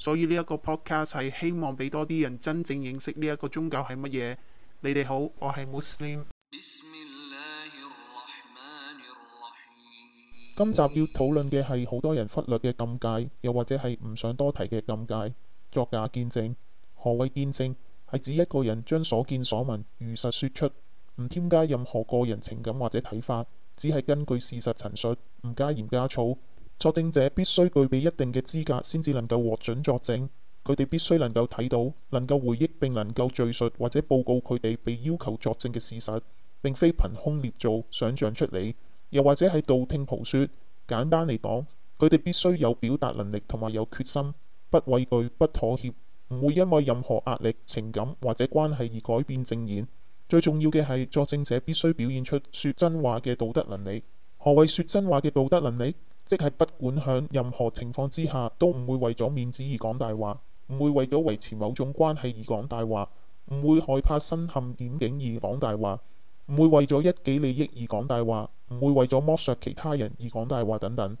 所以呢一個 podcast 係希望俾多啲人真正認識呢一個宗教係乜嘢。你哋好，我係穆斯林。今集要討論嘅係好多人忽略嘅禁戒，又或者係唔想多提嘅禁戒。作假見證，何謂見證？係指一個人將所見所聞如實說出，唔添加任何個人情感或者睇法，只係根據事實陳述，唔加鹽加醋。作證者必須具備一定嘅資格，先至能夠獲准作證。佢哋必須能夠睇到，能夠回憶並能夠敘述或者報告佢哋被要求作證嘅事實，並非憑空捏造、想象出嚟，又或者係道聽途說。簡單嚟講，佢哋必須有表達能力同埋有決心，不畏懼、不妥協，唔會因為任何壓力、情感或者關係而改變證言。最重要嘅係，作證者必須表現出說真話嘅道德能力。何謂說真話嘅道德能力？即係不管喺任何情況之下，都唔會為咗面子而講大話，唔會為咗維持某種關係而講大話，唔會害怕身陷險境而講大話，唔會為咗一己利益而講大話，唔會為咗剝削其他人而講大話等等。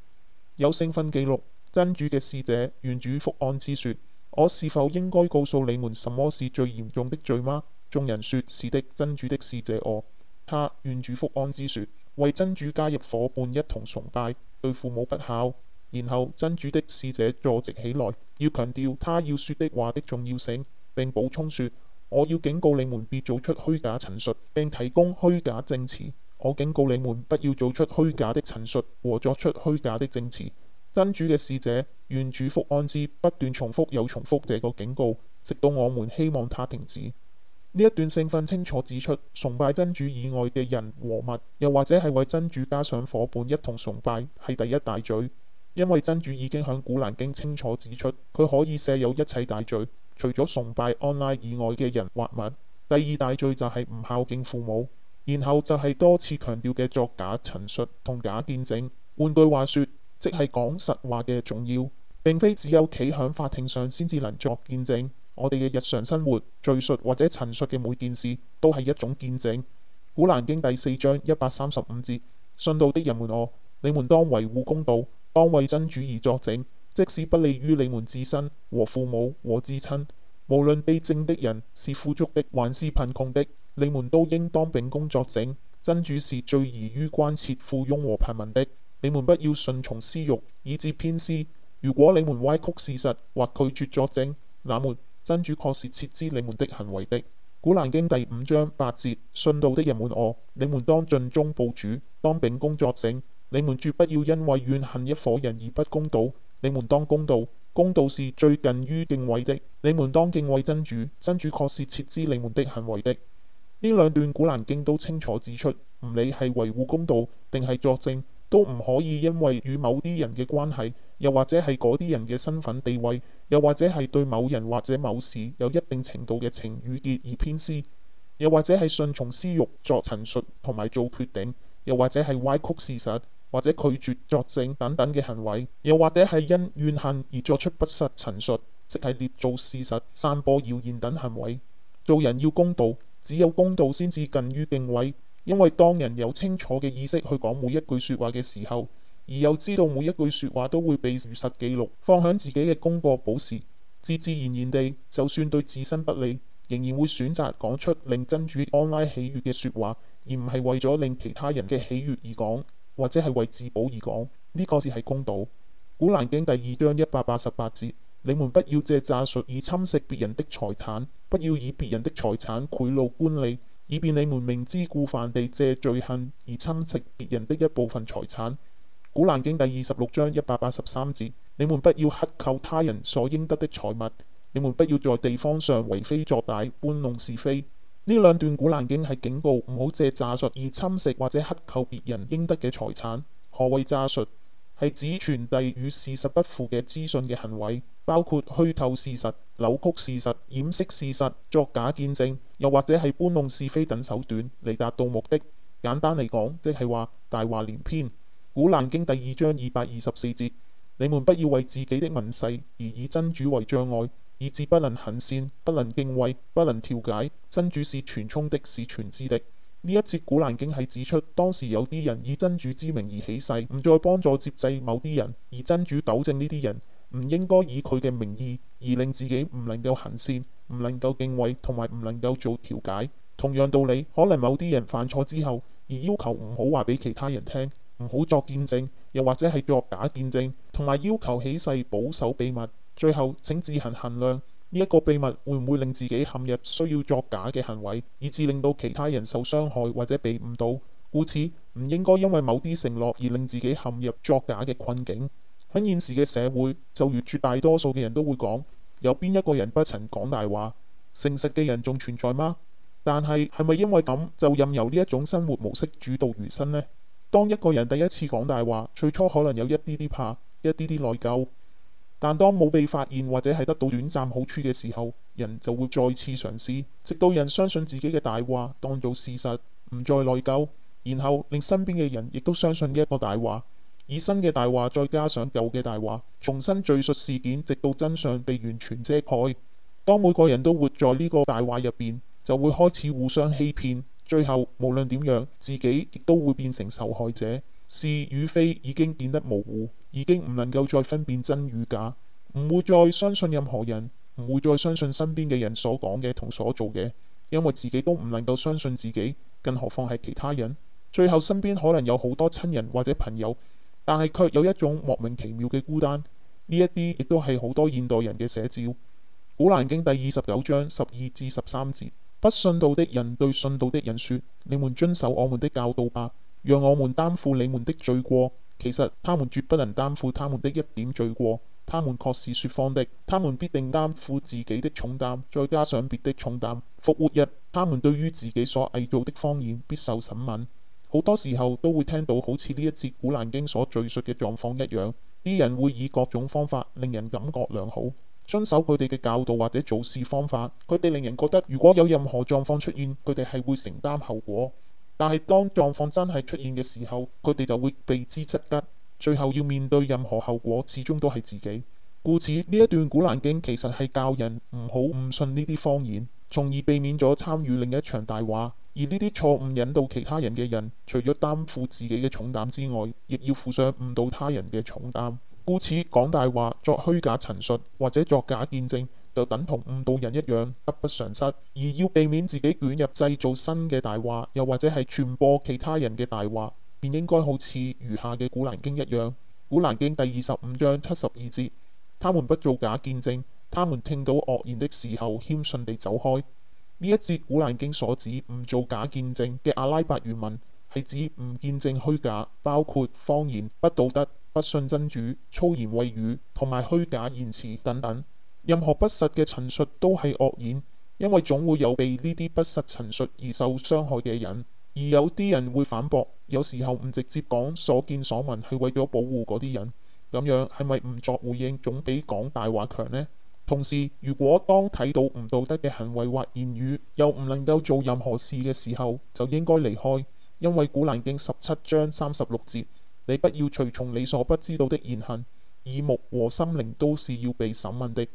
有聖訓記錄，真主嘅使者願主福安之説：我是否應該告訴你們什麼是最嚴重的罪嗎？眾人說：是的。真主的使者哦。」他願主福安之説為真主加入伙伴一同崇拜。對父母不孝，然後真主的使者坐直起來，要強調他要說的話的重要性，並補充說：我要警告你們，別做出虛假陳述，並提供虛假證詞。我警告你們，不要做出虛假的陳述和作出虛假的證詞。真主嘅使者願主福安之，不斷重複又重複這個警告，直到我們希望他停止。呢一段聖訓清楚指出，崇拜真主以外嘅人和物，又或者係為真主加上伙伴一同崇拜，係第一大罪。因為真主已經響古蘭經清楚指出，佢可以赦有一切大罪，除咗崇拜安拉以外嘅人或物。第二大罪就係唔孝敬父母，然後就係多次強調嘅作假陳述同假見證。換句話說，即係講實話嘅重要，並非只有企響法庭上先至能作見證。我哋嘅日常生活敘述或者陳述嘅每件事，都係一種見證。古蘭經第四章一百三十五節：信道的人們我，我你們當維護公道，當為真主而作證，即使不利於你們自身和父母和至親。無論被證的人是富足的還是貧窮的，你們都應當秉公作證。真主是最宜於關切富翁和貧民的。你們不要順從私慾以致偏私。如果你們歪曲事實或拒絕作證，那麼。真主確是徹知你們的行為的。古蘭經第五章八節：信道的人們我，你們當盡忠報主，當秉公作證，你們絕不要因為怨恨一夥人而不公道。你們當公道，公道是最近於敬畏的。你們當敬畏真主，真主確是徹知你們的行為的。呢兩段古蘭經都清楚指出，唔理係維護公道定係作證都唔可以因為與某啲人嘅關係，又或者係嗰啲人嘅身份地位，又或者係對某人或者某事有一定程度嘅情與結而偏私，又或者係順從私欲作陳述同埋做決定，又或者係歪曲事實，或者拒絕作證等等嘅行為，又或者係因怨恨而作出不實陳述，即係捏造事實、散播謠言等行為。做人要公道，只有公道先至近於敬畏。因為當人有清楚嘅意識去講每一句說話嘅時候，而又知道每一句說話都會被如實記錄放響自己嘅功過簿時，自自然然地，就算對自身不利，仍然會選擇講出令真主安拉喜悅嘅說話，而唔係為咗令其他人嘅喜悅而講，或者係為自保而講。呢、這個字係公道。古蘭經第二章一百八十八節，你們不要借詐術而侵蝕別人的財產，不要以別人的財產賄賂官吏。以便你們明知故犯地借罪行而侵蝕別人的一部分財產。古蘭經第二十六章一百八十三節，你們不要克扣他人所應得的財物，你們不要在地方上為非作歹、搬弄是非。呢兩段古蘭經係警告唔好借詐術而侵蝕或者克扣別人應得嘅財產。何謂詐術？係指傳遞與事實不符嘅資訊嘅行為，包括虛構事實、扭曲事實、掩飾事實、作假見證，又或者係搬弄是非等手段嚟達到目的。簡單嚟講，即係話大話連篇。《古蘭經》第二章二百二十四節：你們不要為自己的盟誓而以真主為障礙，以致不能行善、不能敬畏、不能調解。真主是全聰的，是全知的。呢一節古蘭經係指出，當時有啲人以真主之名而起誓，唔再幫助接濟某啲人，而真主糾正呢啲人，唔應該以佢嘅名義而令自己唔能夠行善，唔能夠敬畏，同埋唔能夠做調解。同樣道理，可能某啲人犯錯之後，而要求唔好話俾其他人聽，唔好作見證，又或者係作假見證，同埋要求起誓保守秘密。最後，請自行衡量。呢一個秘密會唔會令自己陷入需要作假嘅行為，以致令到其他人受傷害或者被誤導？故此，唔應該因為某啲承諾而令自己陷入作假嘅困境。喺現時嘅社會，就如絕大多數嘅人都會講：有邊一個人不曾講大話？誠實嘅人仲存在嗎？但係係咪因為咁就任由呢一種生活模式主導餘生呢？當一個人第一次講大話，最初可能有一啲啲怕，一啲啲內疚。但當冇被發現或者係得到短暫好處嘅時候，人就會再次嘗試，直到人相信自己嘅大話當做事實，唔再內疚，然後令身邊嘅人亦都相信呢一個大話，以新嘅大話再加上舊嘅大話，重新敘述事件，直到真相被完全遮蓋。當每個人都活在呢個大話入邊，就會開始互相欺騙，最後無論點樣，自己亦都會變成受害者。是與非已經變得模糊，已經唔能夠再分辨真與假，唔會再相信任何人，唔會再相信身邊嘅人所講嘅同所做嘅，因為自己都唔能夠相信自己，更何況係其他人。最後身邊可能有好多親人或者朋友，但係卻有一種莫名其妙嘅孤單。呢一啲亦都係好多現代人嘅寫照。《古蘭經》第二十九章十二至十三節：不信道的人對信道的人說：你們遵守我們的教導吧。讓我們擔負你們的罪過。其實他們絕不能擔負他們的一點罪過。他們確是說謊的。他們必定擔負自己的重擔，再加上別的重擔。復活日，他們對於自己所偽造的謊言必受審問。好多時候都會聽到好似呢一節古蘭經所敘述嘅狀況一樣，啲人會以各種方法令人感覺良好，遵守佢哋嘅教導或者做事方法，佢哋令人覺得如果有任何狀況出現，佢哋係會承擔後果。但係當狀況真係出現嘅時候，佢哋就會避之則吉，最後要面對任何後果，始終都係自己。故此呢一段古蘭經其實係教人唔好誤信呢啲謊言，從而避免咗參與另一場大話。而呢啲錯誤引導其他人嘅人，除咗擔負自己嘅重擔之外，亦要負上誤導他人嘅重擔。故此講大話、作虛假陳述或者作假見證，就等同誤導人一樣，得不償失。而要避免自己捲入製造新嘅大話，又或者係傳播其他人嘅大話，便應該好似餘下嘅《古蘭經》一樣，《古蘭經》第二十五章七十二節。他們不做假見證，他們聽到惡言的時候，謙遜地走開。呢一節《古蘭經》所指唔做假見證嘅阿拉伯原文係指唔見證虛假，包括謊言、不道德、不信真主、粗言穢語同埋虛假言辭等等。任何不實嘅陳述都係惡言，因為總會有被呢啲不實陳述而受傷害嘅人。而有啲人會反駁，有時候唔直接講所見所聞係為咗保護嗰啲人，咁樣係咪唔作回應總比講大話強呢？同時，如果當睇到唔道德嘅行為或言語，又唔能夠做任何事嘅時候，就應該離開，因為《古蘭經》十七章三十六節：你不要隨從你所不知道的言行，耳目和心靈都是要被審問的。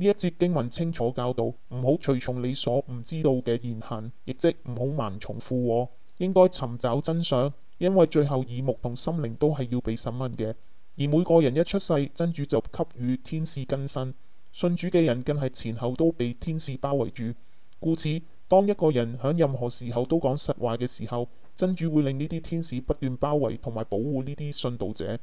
呢一節經文清楚教導，唔好隨從你所唔知道嘅言行，亦即唔好盲從附和，應該尋找真相。因為最後耳目同心靈都係要被審問嘅。而每個人一出世，真主就給予天使更新，信主嘅人更係前後都被天使包圍住。故此，當一個人喺任何時候都講實話嘅時候，真主會令呢啲天使不斷包圍同埋保護呢啲信道者。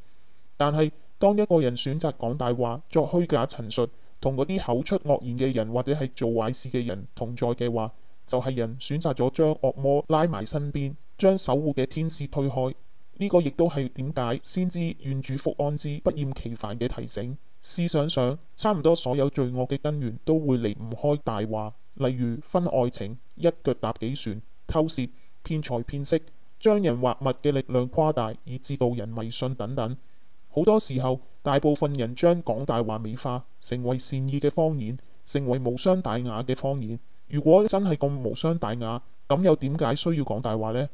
但係當一個人選擇講大話，作虛假陳述。同嗰啲口出惡言嘅人或者係做壞事嘅人同在嘅話，就係、是、人選擇咗將惡魔拉埋身邊，將守護嘅天使推開。呢、這個亦都係點解先知願主福安之不厭其煩嘅提醒。思想上，差唔多所有罪惡嘅根源都會離唔開大話，例如分愛情、一腳踏幾船、偷竊、騙財騙色、將人或物嘅力量誇大，以致導人迷信等等。好多時候，大部分人將講大話美化，成為善意嘅謊言，成為無傷大雅嘅謊言。如果真係咁無傷大雅，咁又點解需要講大話呢？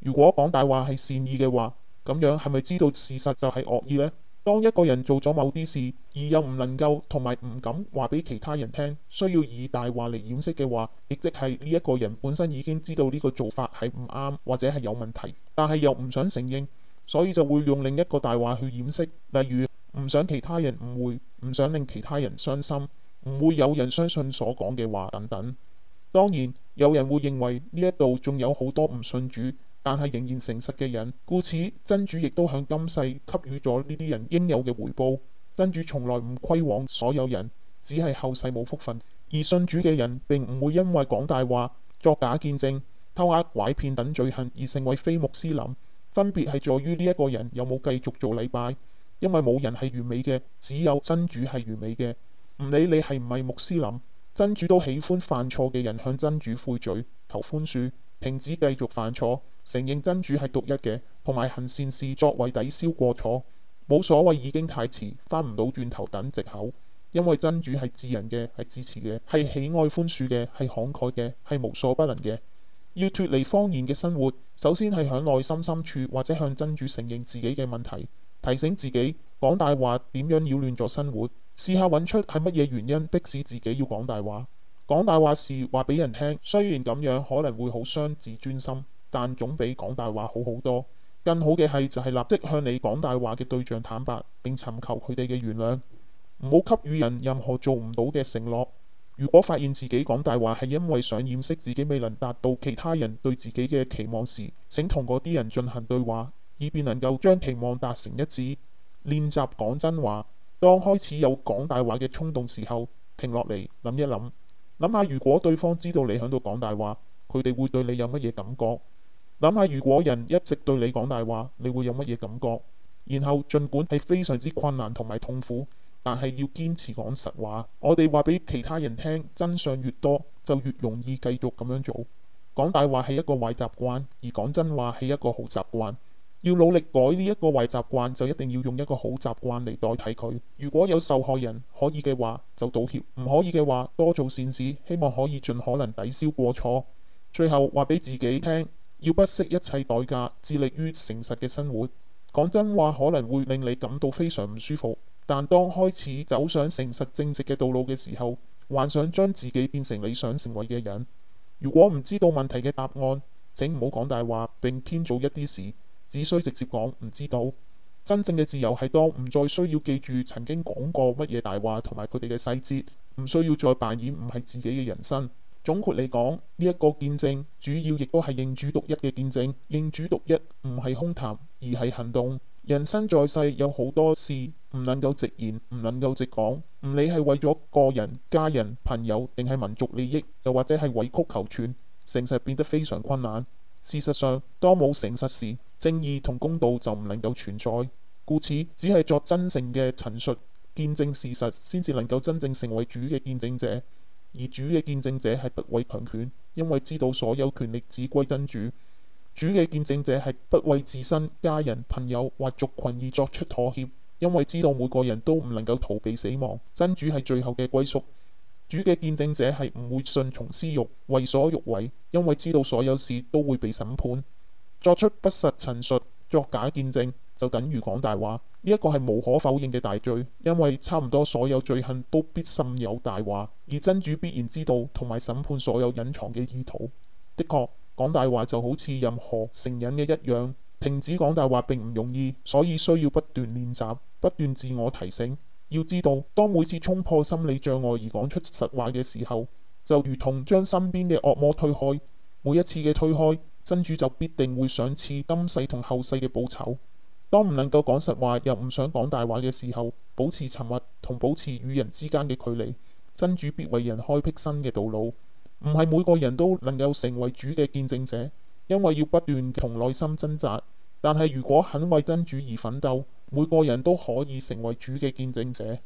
如果講大話係善意嘅話，咁樣係咪知道事實就係惡意呢？當一個人做咗某啲事，而又唔能夠同埋唔敢話俾其他人聽，需要以大話嚟掩飾嘅話，亦即係呢一個人本身已經知道呢個做法係唔啱或者係有問題，但係又唔想承認。所以就會用另一個大話去掩飾，例如唔想其他人誤會，唔想令其他人傷心，唔會有人相信所講嘅話等等。當然有人會認為呢一度仲有好多唔信主但係仍然誠實嘅人，故此真主亦都向今世給予咗呢啲人應有嘅回報。真主從來唔虧枉所有人，只係後世冇福分。而信主嘅人並唔會因為講大話、作假見證、偷呃拐騙等罪行而成為非穆斯林。分別係在於呢一個人有冇繼續做禮拜，因為冇人係完美嘅，只有真主係完美嘅。唔理你係唔係穆斯林，真主都喜歡犯錯嘅人向真主悔罪、求寬恕、停止繼續犯錯、承認真主係獨一嘅，同埋行善事作為抵消過錯。冇所謂已經太遲，返唔到轉頭等藉口，因為真主係治人嘅，係至慈嘅，係喜愛寬恕嘅，係慷慨嘅，係無所不能嘅。要脫離謊言嘅生活，首先係喺內心深處或者向真主承認自己嘅問題，提醒自己講大話點樣擾亂咗生活，試下揾出係乜嘢原因迫使自己要講大話。講大話時話俾人聽，雖然咁樣可能會好傷自尊心，但總比講大話好好多。更好嘅係就係、是、立即向你講大話嘅對象坦白，並尋求佢哋嘅原諒。唔好給予人任何做唔到嘅承諾。如果發現自己講大話係因為想掩飾自己未能達到其他人對自己嘅期望時，請同嗰啲人進行對話，以便能夠將期望達成一致。練習講真話。當開始有講大話嘅衝動時候，停落嚟諗一諗，諗下如果對方知道你喺度講大話，佢哋會對你有乜嘢感覺？諗下如果人一直對你講大話，你會有乜嘢感覺？然後盡管係非常之困難同埋痛苦。但係要堅持講實話，我哋話俾其他人聽，真相越多就越容易繼續咁樣做。講大話係一個壞習慣，而講真話係一個好習慣。要努力改呢一個壞習慣，就一定要用一個好習慣嚟代替佢。如果有受害人可以嘅話，就道歉；唔可以嘅話，多做善事，希望可以盡可能抵消過錯。最後話俾自己聽，要不惜一切代價，致力於誠實嘅生活。講真話可能會令你感到非常唔舒服。但當開始走上誠實正直嘅道路嘅時候，幻想將自己變成理想成為嘅人。如果唔知道問題嘅答案，請唔好講大話，並編造一啲事，只需直接講唔知道。真正嘅自由係當唔再需要記住曾經講過乜嘢大話，同埋佢哋嘅細節，唔需要再扮演唔係自己嘅人生。總括嚟講，呢一個見證主要亦都係認主獨一嘅見證，認主獨一唔係空談，而係行動。人生在世有好多事唔能夠直言，唔能夠直講，唔理係為咗個人、家人、朋友定係民族利益，又或者係委曲求全，誠實變得非常困難。事實上，當冇誠實時，正義同公道就唔能夠存在。故此，只係作真誠嘅陳述、見證事實，先至能夠真正成為主嘅見證者。而主嘅見證者係不畏強權，因為知道所有權力只歸真主。主嘅見證者係不為自身、家人、朋友或族群而作出妥協，因為知道每個人都唔能夠逃避死亡。真主係最後嘅歸宿。主嘅見證者係唔會順從私欲、為所欲為，因為知道所有事都會被審判。作出不實陳述、作假見證就等於講大話，呢一個係無可否認嘅大罪，因為差唔多所有罪行都必甚有大話。而真主必然知道同埋審判所有隱藏嘅意圖。的確。講大話就好似任何成人嘅一樣，停止講大話並唔容易，所以需要不斷練習、不斷自我提醒。要知道，當每次衝破心理障礙而講出實話嘅時候，就如同將身邊嘅惡魔推開。每一次嘅推開，真主就必定會賞賜今世同後世嘅報酬。當唔能夠講實話又唔想講大話嘅時候，保持沉默同保持與人之間嘅距離，真主必為人開闢新嘅道路。唔係每個人都能夠成為主嘅見證者，因為要不斷同內心掙扎。但係如果肯為真主而奮鬥，每個人都可以成為主嘅見證者。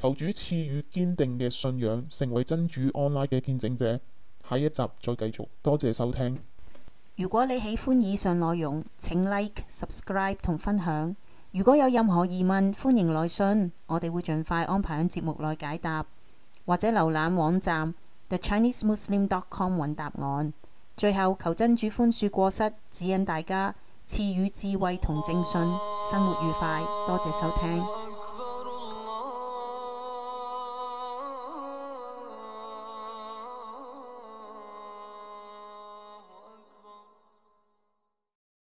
求主賜予堅定嘅信仰，成為真主安拉嘅見證者。下一集再繼續，多謝收聽。如果你喜歡以上內容，請 Like、Subscribe 同分享。如果有任何疑問，歡迎來信，我哋會盡快安排喺節目內解答，或者瀏覽網站。The Chinese Muslim dot com 揾答案，最後求真主寬恕過失，指引大家，賜予智慧同正信，生活愉快，多謝收聽。